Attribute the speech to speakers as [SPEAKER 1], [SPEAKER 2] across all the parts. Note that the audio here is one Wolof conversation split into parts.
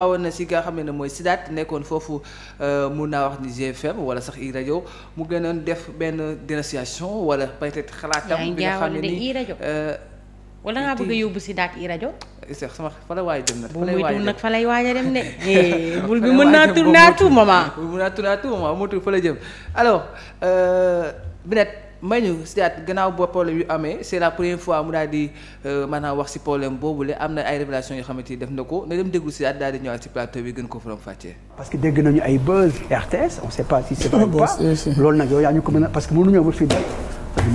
[SPEAKER 1] waawoon na si nga xam ne mooy Sidaat nekkoon foofu euh, mun naa wax ni GFM wala sax i rajo mu gënoon def benn dénonciation wala peut xalaat xalaatam. bi nga xam ne nii euh,
[SPEAKER 2] wala ngaa bëgg a yóbbu Sidaat i rajo.
[SPEAKER 1] sax eh, sama fa la waay dem nag. fa lay waaj a dem nag
[SPEAKER 2] fa lay waaj a dem de. Eh, bul bi mën naa tourner à tout moment.
[SPEAKER 1] mën naa tourner à tout moment motul fa la jëm alors euh, Binette. Mbagnick c'est-à-dire gannaaw boo problème yu amee c'est la première fois mu daal di euh, maanaam wax ci problème boobule am na ay révélation yoo xamante ni def na ko na dem déglu ci daal di ñëwaat ci plateau bi gën ko faram fàccee.
[SPEAKER 3] parce que dégg nañu ay buzz RTS on sait pas si c'est ko mën a parce ma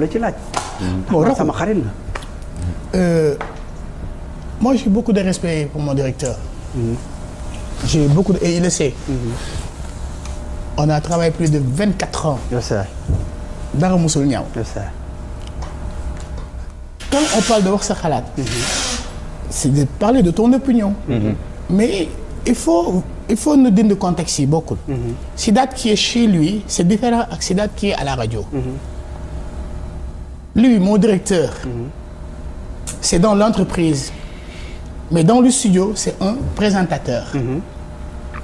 [SPEAKER 3] la ci laaj. bon sama xarit la. Euh, moi j'ai beaucoup de respect pour mon directeur. Mm-hmm. j'ai beaucoup de mm-hmm. a travaillé plus de vingt quatre ans. dara musul ñaaw. quand on parle de wax sa xalaat. c'est de parler de ton opinion. Mm-hmm. mais il faut il faut nu dindi contexte yi bokkul. Mm-hmm. Sidath qui est chez lui c'est différent ak Sidath qui est à la radio. Mm-hmm. lui mon directeur. c'est dans l'entreprise. mais dans le studio c'est un présentateur.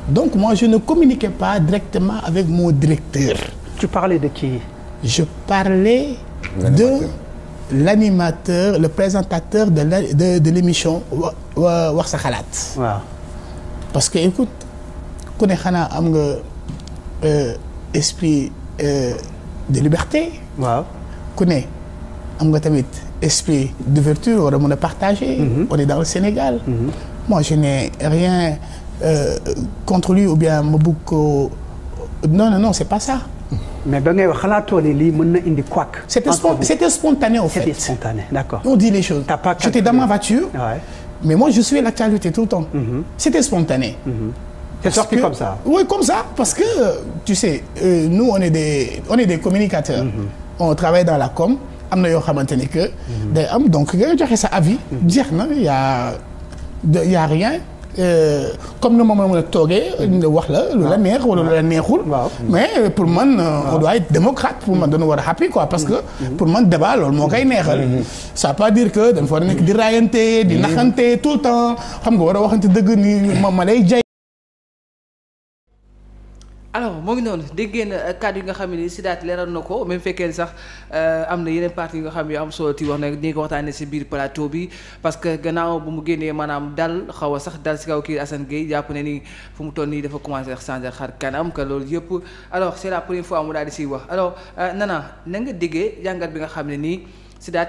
[SPEAKER 3] donc moi je ne communiquais pas directement avec mon directeur. tu parlais de qui? je parlais de l'animateur le présentateur de la, de, de l'émission wax sa xalaat waaw parce que écoute ku ne xanaa am nga euh, esprit euh, de liberté waaw ku ne am nga tamit esprit d'ouverture war a mën a partager mm -hmm. on est dans le Sénégal mm -hmm. moi je n'ai rien euh, contre lui ou bien ma bëgg ko non non non c'est pas ça mais ba ngay wax xalaatoo ne lii mën na indi couac. c'était spon c'était spontané en fait. c'était spontané d'accord. on dit les choses. t'as pas j'étais dans ma voiture. Ouais. mais moi je suis à l'actualité tout le temps. Mm-hmm. c'était spontané. Mm-hmm.
[SPEAKER 4] c'est sorti comme ça.
[SPEAKER 3] oui comme ça parce que tu sais euh, nous on est des on est des communicateurs. Mm-hmm. on travaille dans la com am na yoo xamante ne que. Mm-hmm. day am donc nga joxe sa avis. Mm-hmm. jeex na y a y a rien. Euh, comme ni moom la mën a toogee. la lu la neex wala lu la neexul. mais pour man euh, on doit être démocrate man dañu war a happy quoi parce que. Mm-hmm. pour man débat loolu moo koy neexal. Mm-hmm. ça pas dire que dañ fa a nekk di raayante di mm-hmm. naxante tout le temps xam nga war a waxante dëgg ni ma ma
[SPEAKER 1] alors moo ngi noonu dégg ngeen euh, kàddu yi nga xam ne si daat leeral na ko même fekkee sax euh, am na yeneen parti yi nga xam ne am solo ti wax na ni nga si biir plateau bi parce que gannaaw bu mu génnee maanaam dal xaw a sax dal si kaw kii Assane jàpp ne ni fu mu toll nii dafa commencé sax changer xar kanam que loolu yëpp alors c'est la première fois mu daal di siy wax alors euh, Nana na nga déggee jàngat bi nga xam ne nii si daat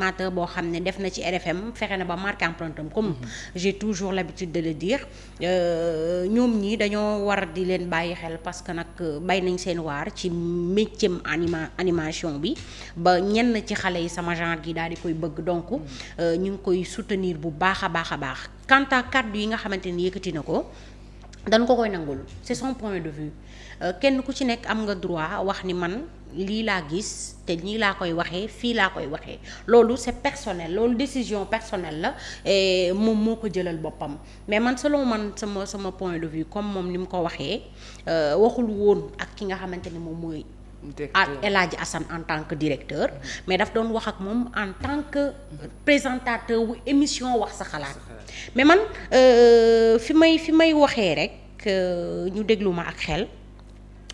[SPEAKER 2] animateur boo xam ne def na ci RFM fexe na ba marqué empreinte am comme mhm. j'ai toujours l'habitude de le dire euh, ñoom ñi dañoo war di leen bàyyi xel parce que nag euh, bay nañ seen waar ci métier anima animation bi ba ñenn ci xale yi sama genre gi daal di koy bëgg donc mhm. euh, ñu ngi koy soutenir bu baax a baax a baax quant kàddu yi nga xamante ni yëkkati na ko dañ ko koy nangul c'est son point de vue euh, kenn ku ci nekk am nga droit wax ni man lii laa gis te nii laa koy waxee fii laa koy waxee loolu c'est personnel loolu décision personnel la et moom moo ko jëlal boppam mais man selon man sama sama point de vue comme moom ni mu ko waxee euh, waxul woon ak ki nga xamante ni moom mooy ak El Hadji Assane en tant que directeur mais daf doon wax ak moom en tant que présentateur bu émission wax sa xalaat mais man euh, fi may fi may waxee rek euh, ñu déglu ma ak xel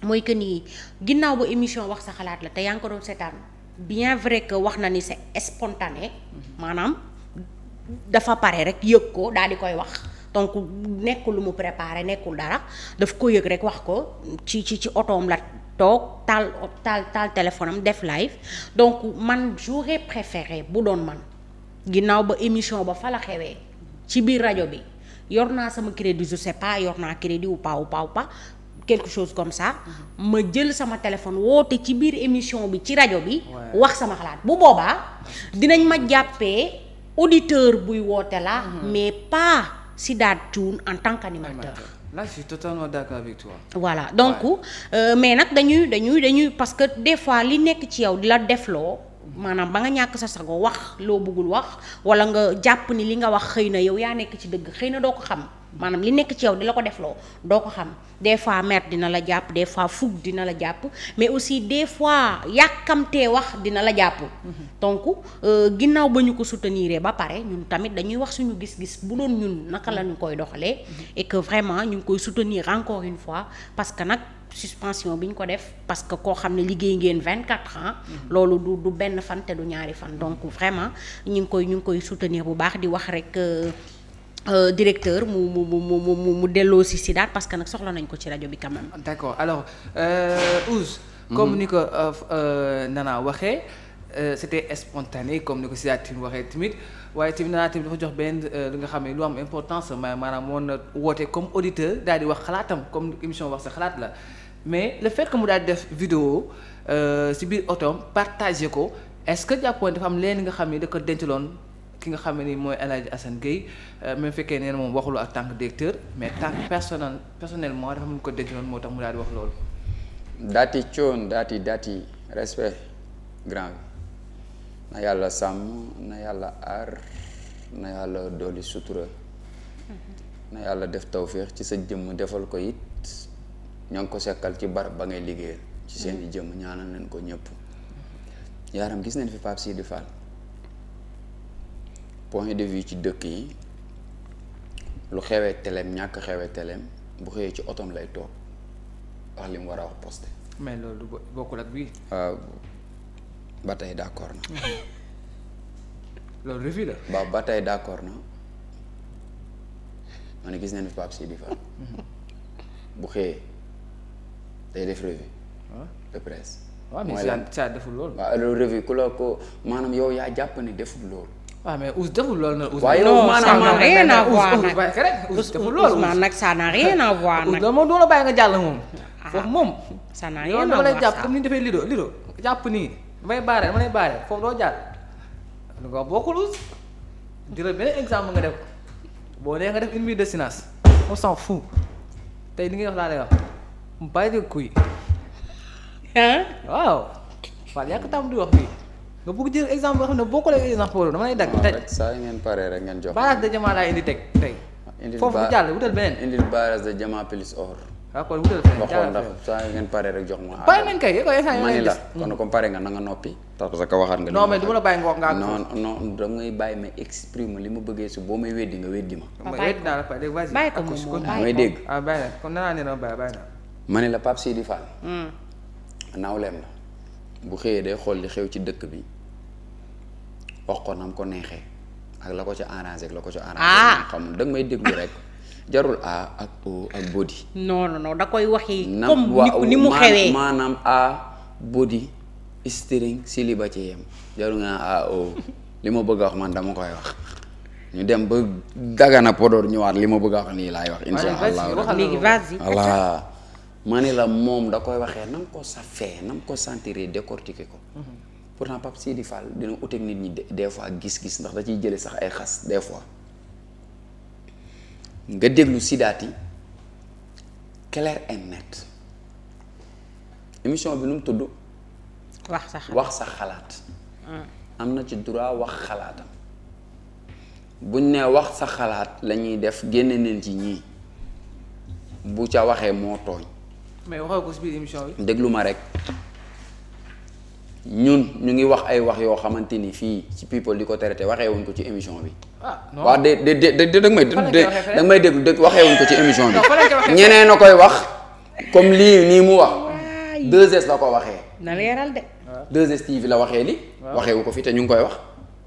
[SPEAKER 2] mooy que ni ginnaaw ba émission wax sa xalaat la te yaa ngi ko doon seetaan bien vrai que wax na ni c'est spontané maanaam dafa pare rek yëg ko daal di koy wax donc nekk lu mu préparé nekkul dara daf ko yëg rek wax ko ci ci ci otoom la toog taal taal taal am def live donc man j'aurais préféré bu doon man ginnaaw ba émission ba fa la xewee ci biir rajo bi yor naa sama crédit je pas yor naa crédit ou pas ou pas ou pas quelque chose comme ça ma jël sama téléphone woote ci biir émission bi ci rajo bi. wax sama xalaat bu boobaa dinañ ma jàppee auditeur buy woote la mhm. mais pas Sidath Thioune en tant qu'animateur. Là, je suis totalement d'accord avec voilà donc euh, mais nag dañuy dañuy dañuy parce que des fois li nekk ci yow di la defloo maanaam ba nga ñàkk sa sago wax loo bëggul wax walla nga jàpp ni li nga wax xëy na yow yaa nekk ci dëgg xëy na doo ko xam. maanaam li nekk ci yow di la ko defloo doo ko xam des fois mer dina la jàpp des fois fougue dina la jàpp mais aussi des fois yàkkamtee wax dina la jàpp. Mm-hmm. donc euh, ginnaaw ba ñu ko soutenir ba pare ñun tamit dañuy wax suñu gis-gis bu doon ñun naka la ñu koy doxalee. Mm-hmm. vraiment ñu ngi koy soutenir encore une fois parce que nag. suspension bi ñu ko def parce que koo xam ne liggéey ngeen vingt quatre ans mm-hmm. loolu du du benn fan te du ñaari fan donc vraiment ñu ngi koy ñu ngi koy soutenir bu baax di wax rek euh, Euh, directeur mu mu mu mu mu mu delloo si si daal parce que nag soxla nañ ko ci rajo bi quand même. d'accord alors euh, Ouz. comme mhm. ni ko
[SPEAKER 1] euh, euh, Nana waxee euh, c'était spontané comme ni ko Sida Tine waxee tamit waaye tamit Nana tamit dafa jox benn li nga xam ne lu am importance maanaam woon na woote comme auditeur daal di wax xalaatam comme émission wax sa xalaat la mais le fait que mu daal di def vidéo si biir otoom partagé ko est-ce que jàppoon dafa am leen nga xam ni da ko dencaloon. ki nga xam ne nii mooy El Hadj Assane Gueye euh, même fekkee nee na moom waxuloo ak tànk directeur mais tànk personnel personnellement dafa mun ko déggoon moo tax mu daal di wax loolu.
[SPEAKER 4] daati coon daati daati respect grand na yàlla sàmm na yàlla aar na yàlla dolli sutura na yàlla def tawféex ci sa jëmm defal ko it ña ngi ko sekkal ci barab ba ngay liggéeyal. ci seen jëmm ñaanal leen ko ñëpp. yaaram gis nañ fi Pape Sidi Fall. point de vue ci dëkk yi lu xewee teleem ñàkk xewee teleem bu xewee ci otom lay toog wax li mu war a wax posté.
[SPEAKER 1] mais loolu du bokkul ak
[SPEAKER 4] tey d' accord na. loolu revue la. ba tey d' accord na ma gis nañu Pape Sidi bu xëyee day def revue. Ah. de presse. waaw mais ça deful loolu. waaw loolu revue ku la ko maanaam yow yaa jàpp ne deful loolu.
[SPEAKER 2] waaw mais Ousse deful
[SPEAKER 4] waaye yow à voir
[SPEAKER 2] nag Ousse deful loolu Ousmane nag n'a rien
[SPEAKER 1] à voir nag. loolu moom doo la bàyyi nga jàll moom. foofu moom. n'a rien à voir dama lay jàpp comme ni ñu defee lido lido jàpp nii damay baaree dama lay baaree foofu doo jàll. lu ko bokkul nga def boo nee nga def une minute de silence on s'en fout tey li ngay wax laa lay wax mu bàyyi de kuy. ah waaw. tam di wax fii. nga bëgg jël exemple boo xam ne boo ko leen exemple dama lay dagg. tey
[SPEAKER 4] saa yi ngeen paree rek ngeen jox barrage de jamaa laa indi teg tey. Ah, ah, jox ma. pare nañ
[SPEAKER 1] kay yow instant yii la kon
[SPEAKER 4] comme pare nga noppi. parce que waxaat nga. non mais du ma la bàyyi nga wax nga. non non da li ma bëggee su boo may weddi nga weddi ma. bàyyi
[SPEAKER 1] ko bàyyi ko moom bàyyi ko dégg. ah bàyyi na kon nee naa ne dama bàyyi bàyyi naa.
[SPEAKER 4] ma ne la Pape Sidi Fall. Hmm. nawleem la bu xëyee day xool li xew ci dëkk bi wax ko nam ko neexee ak la ko ca arrangé ak la ko ca arrangé ah. xam danga may déglu rek jarul a ak o ak body non non non da koy waxi comme ni mu xewee maanaam a body string si li ba ci yem jarul nga li ma bëgg a wax man dama koy wax ñu dem ba dagana Podor ñëwaat li ma bëgg a wax laay wax insha allah léegi vas la moom da koy waxee nam ko safee nam ko sentir décortiquer ko mhm. pour pourtant Pape Sidi Fall dina uteeg nit ñi des fois gis-gis ndax da ciy jëlee sax ay xas des fois nga déglu Sidaati clair et net émission bi nu mu tudd. wax sax xalaat wax sa xalaat. Hmm. am na ci droit wax xalaatam buñ ne wax sax xalaat lañuy def génne neen ci ñii bu ca waxee moo tooñ.
[SPEAKER 1] mais waxoo ko si biir émission bi.
[SPEAKER 4] déglu ma rek. ñun ñu ngi wax ay wax yoo xamante ni fii ci people di ko traité waxee wuñ ko ci émission bi. Ah, non waaw de de de de danga may. danga déglu dëgg waxee wuñ ko ci émission bi. ñeneen a koy wax comme lii nii mu wax. 2S la ko waxee.
[SPEAKER 1] na leeral de.
[SPEAKER 4] 2S TV la waxee li waxee wu ko fii te ñu ngi koy wax.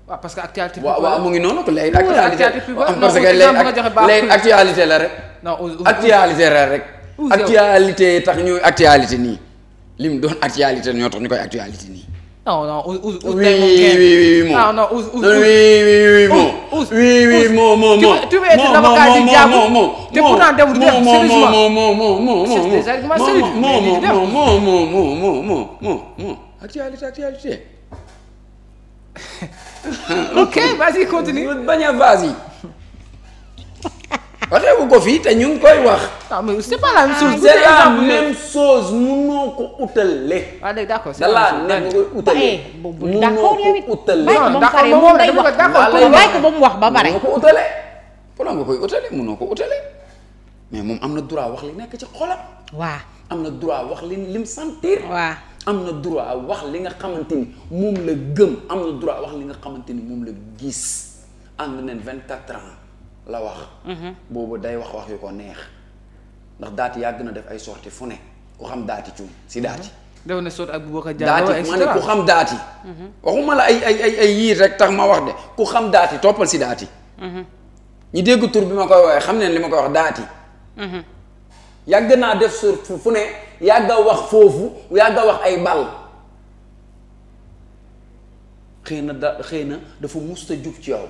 [SPEAKER 1] waaw ah, parce que actualité. waaw waaw mu ngi noonu ko léegi actualité parce que léegi actualité rek. non actualité
[SPEAKER 4] la rek. actualité tax ñuy actualité nii. li mu doon actualité ñoo tax ñu koy actualité nii.
[SPEAKER 1] non non Ouz Ouz tey moom kenn oui oui oui non non Ouz Ouz
[SPEAKER 4] Ouz oui oui moo moo moo tu veux être l'avocat a vas-y waxewu ko fii te ñu ngi koy wax.
[SPEAKER 1] ah mais c'est pas la même chose. Ah, c'est la même
[SPEAKER 4] chose munoo ko utalee. waaw ah, léegi d'accord c'est la même chose da laa nekk nga koy utalee. Eh, munoo ko utalee. mu wax ba pare. ko utalee. pourquoi nga koy utalee munoo ko utalee mais moom am na droit wax li nekk ci xolam. waa am na droit wax li lim sentir. waaw am na droit wax li nga xamante ni moom la gëm am na droit wax li nga xamante ni moom la gis ànd nañ 24 ans. la wax. Mhm. boobu day wax wax yu ko neex ndax daati yàgg na def ay sorti fu ne ku xam daati cuun si daati.
[SPEAKER 1] Mhm. def na sorti ak Boubacar Diallo daati ma ne ku xam
[SPEAKER 4] daati. Mhm. waxuma la ay ay ay yii rek tax ma wax de ku xam daati toppal si daati. ñi dégg tur bi ma koy waxee xam ne li ma koy wax daati. yàgg naa def sorti fu ne yàgg a wax foofu yàgg a wax ay bal. xëy na da xëy na dafa musta jug ci yow.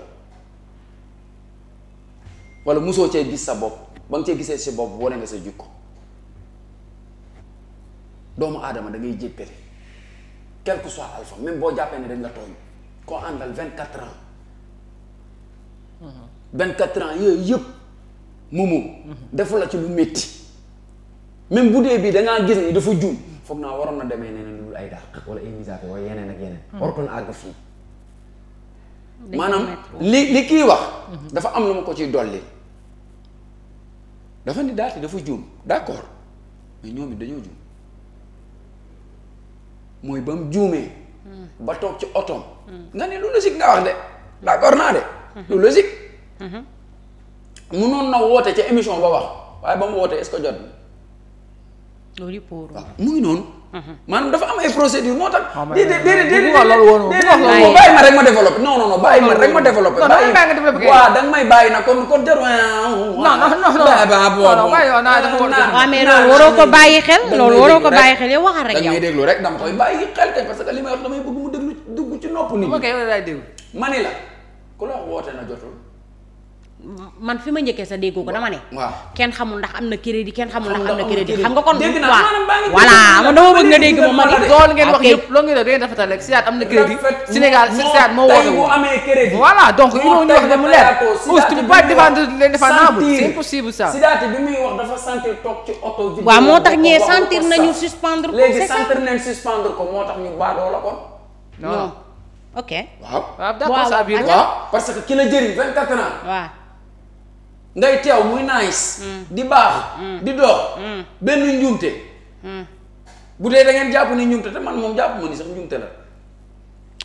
[SPEAKER 4] wala musoo cee gis sa bopp ba nga cee gisee si bopp wane nga sa jikko doomu aadama dangay ngay jéppale quel que alpha même boo jàppee ne dañ la tooñ koo àndal vingt quatre ans mm-hmm. vingt quatre ans yooyu yëpp moomu mm-hmm. defu la ci lu métti même bu dee bii dangaa gis ne dafa juum foog naa waroon na demee neneen lu dul ay dàq wala ay misaate wala yeneen ak yeneen mm-hmm. warutoon àgg fii maanaam li li kii wax mhm. dafa am lu ma ko ciy dolli dafa ni daati dafa juum d'accord mais ñoom it dañoo juum mooy bam mu juumee mhm. ba toog ci otoom mhm. nga ne lu logique nga wax de d'accord naa de lu logique munoon na woote ca émission ba wax waaye ba mu woote est jot na loolu pour mu noonu maanaam dafa am ay procédure moo tax. Ah, déedéet déedéet déedéet déedéet bàyyi ma rek ma développé non non non bàyyi ma rek ma développé. bàyyi waaw da nga may bàyyi na kon kon jarul. non non non non waaw
[SPEAKER 1] ah, mais loolu waroo ko bàyyi xel. loolu waroo ko bàyyi xel yow
[SPEAKER 4] waxal rek yow. da ngay déglu rek dama koy bàyyi xel kay parce que li may wax damay bëgg mu déglu dugg ci nopp nit ñi. ok yow daay déglu. ma ni la ku la woote na jotul.
[SPEAKER 2] man fi ma njëkkee sa déggoo ko dama ne. waaw kenn xamul ndax am na crédit kenn xamul ndax am
[SPEAKER 1] na crédit xam nga kon. dégg naa
[SPEAKER 4] voilà moo tax ñee sentir nañu suspendre ko. léegi sentir nañu suspendre ko moo tax ñu baadoo la kon. non ok. waaw waaw d'accord ça bi waaw parce que ki la jëriñ ngay teew muy nice mm. di baax mm. di dox mm. benn njuumte bu dee da jàpp ni njuumte te man moom jàpp ma ni sax njuumte la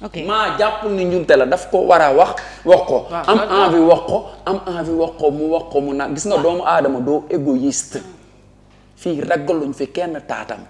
[SPEAKER 4] ok maa jàppul ni njuumte la daf ko war a wax wax ko am envie wax ko am envie wax mu wax mu nag gis nga doomu aadama doo égoïste fii ragaluñ fi kenn taatam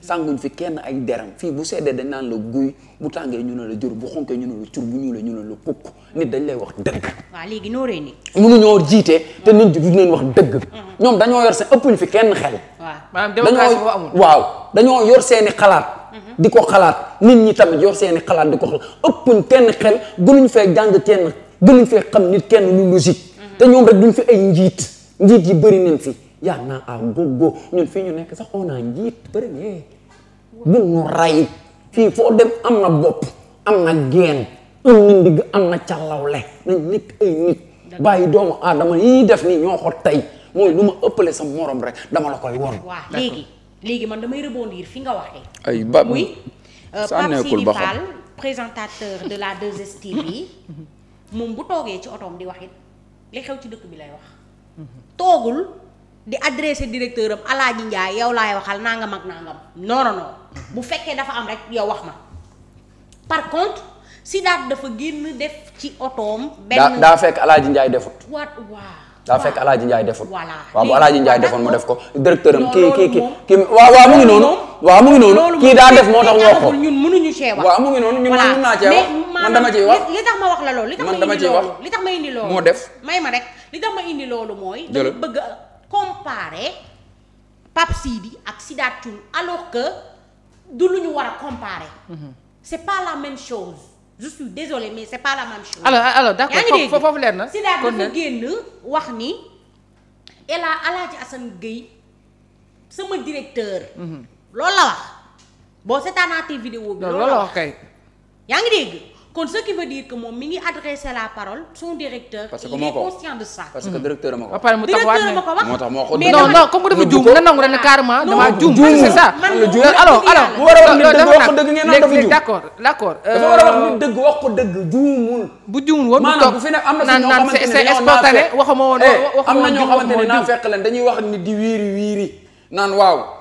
[SPEAKER 4] sànguñ fi kenn ay deram fii bu seddee dañ naan la guy bu tàngee ñu ne la jur bu xonkee ñu ne la cur bu ñu la ñu ne la kukk nit dañ lay wax dëgg. waaw léegi nooree ni. mënuñoo jiite te nit du leen wax dëgg. Mm-hmm. ñoom dañoo yor seen ëppuñ fi kenn xel.
[SPEAKER 1] waaw
[SPEAKER 4] maanaam seeni xalaat. Mm-hmm. di ko xalaat nit ñi tamit yor seeni xalaat di ko xalaat ëppuñ kenn xel gënuñ fee jàng kenn gënuñ fee xam nit kenn lu logique. Mm-hmm. te ñoom rek duñ fi ay njiit njiit yi bëri nañ fi. yaa naa a gogo ñun fii ñu nekk sax on a njiit premier eh. bu nu ray fii foo dem am na bopp am na geen am na ndigg am na càllawle nañ nekk ay nit bàyyi doomu aadama yii def nii ñoo ko tey mooy lu ma ëppale sa morom rek dama la koy won waa léegi
[SPEAKER 2] léegi man damay rebondir fi nga waxee
[SPEAKER 4] ay ba muy euh, Pape Sidi
[SPEAKER 2] présentateur de la 2STV yi mhm. moom bu toogee ci otoom di wax it li xew ci dëkk bi lay wax toogul di adressé directeur am Alaaji Njaay yow laay waxal nangam ak nangam non non non fekkee dafa am rek yow wax ma par contre Sidaat dafa génn def ci otoom. benn daa fekk
[SPEAKER 4] Alaaji Njaay defut. waat waaw. daa fekk alaaji njaay defoon waaw bu alaaji njaay defoon mu def ko directeur am kii kii kii kii waaw waaw mu ngi noonu waaw mu ngi noonu kii daa def moo tax ñun mënuñu cee wax waaw mu noonu ñun mën naa cee wax dama ciy wax li tax wax la loolu li tax ma indi
[SPEAKER 2] li tax ma indi loolu moo def may ma rek li tax ma indi loolu mooy bëgg comparer Pape Sidi ak Sidath Thioune alors que du lu ñu war a comparer. Mhm. c'est pas la même chose je suis désolée mais c'est pas la même chose. alors ah, foofu leer na. Sidath dafa génn wax ni El Hadj Assane Gueye sama directeur. Mhm. loolu la wax boo seetaanaatee vidéo bi. loolu la wax kay yaa ngi dégg. kon ce qui veut dire que moom mi ngi adressé la parole son
[SPEAKER 4] directeur. parce que il est conscient de ça. parce que hmm. directeur ma ko wax. directeur ma ko wax moo tax moo ko. non non comme dafa juum nga
[SPEAKER 1] nangu rek ne ah, carrément damaa juum. c'est ça alors alors. léegi d'accord d'accord. dafa war a wax euh, nit
[SPEAKER 4] dëgg wax ko dëgg juumul. bu juumul woon bu toog naan naan c'est spontané waxuma woon. Eh, waxuma woon am na ñoo xamante ne naa fekk leen dañuy wax ni di wiiri wiiri naan waaw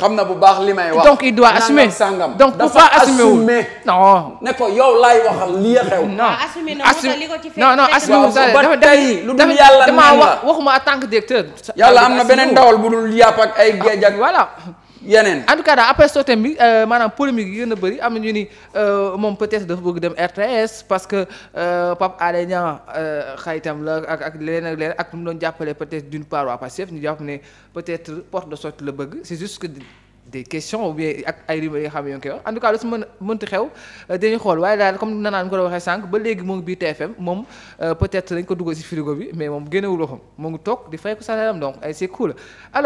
[SPEAKER 4] xam na bu baax li may wax donc il doit assumer sangam donc dafa assumer non ne ko yow laay waxal lii xew. non ah,
[SPEAKER 2] assumer na li ko ci
[SPEAKER 4] fekk non non assumer wu dafa tey lu dul yàlla dama wax
[SPEAKER 1] waxuma en tant directeur. yàlla am na beneen dawal bu dul
[SPEAKER 4] yàpp ay géej ak ah, voilà. yeneen
[SPEAKER 1] en tout cas daal après sotem bi euh, polémique yi gën a bëri am na ñu ni euh, moom peut-être dafa bëgg dem RTS parce que euh, Pape Alé Niang xaytam la ak ak leneen ak leneen ak mu doon jàppale peut-être d'une part waa Pastef ñu jàpp ne peut-être porte de sortie la bëgg c'est juste que des questions ou bien ak ay rumeurs yi nga xam ne yoo ngi koy wax en tout cas lu si mën xew dañuy xool waaye daal comme nanaan ko doon waxee sànq ba léegi moo ngi biir TFM moom peut-être dañ ko dugal bi mais moom génnewul waxam moo ngi toog di